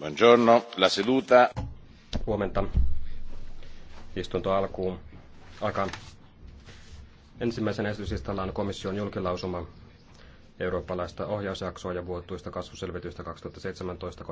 Buongiorno, Huomenta. Istunto alkuun. Alkaa. Ensimmäisen esityslistalla on komission julkilausuma eurooppalaista ohjausjaksoa ja vuotuista kasvuselvitystä 2017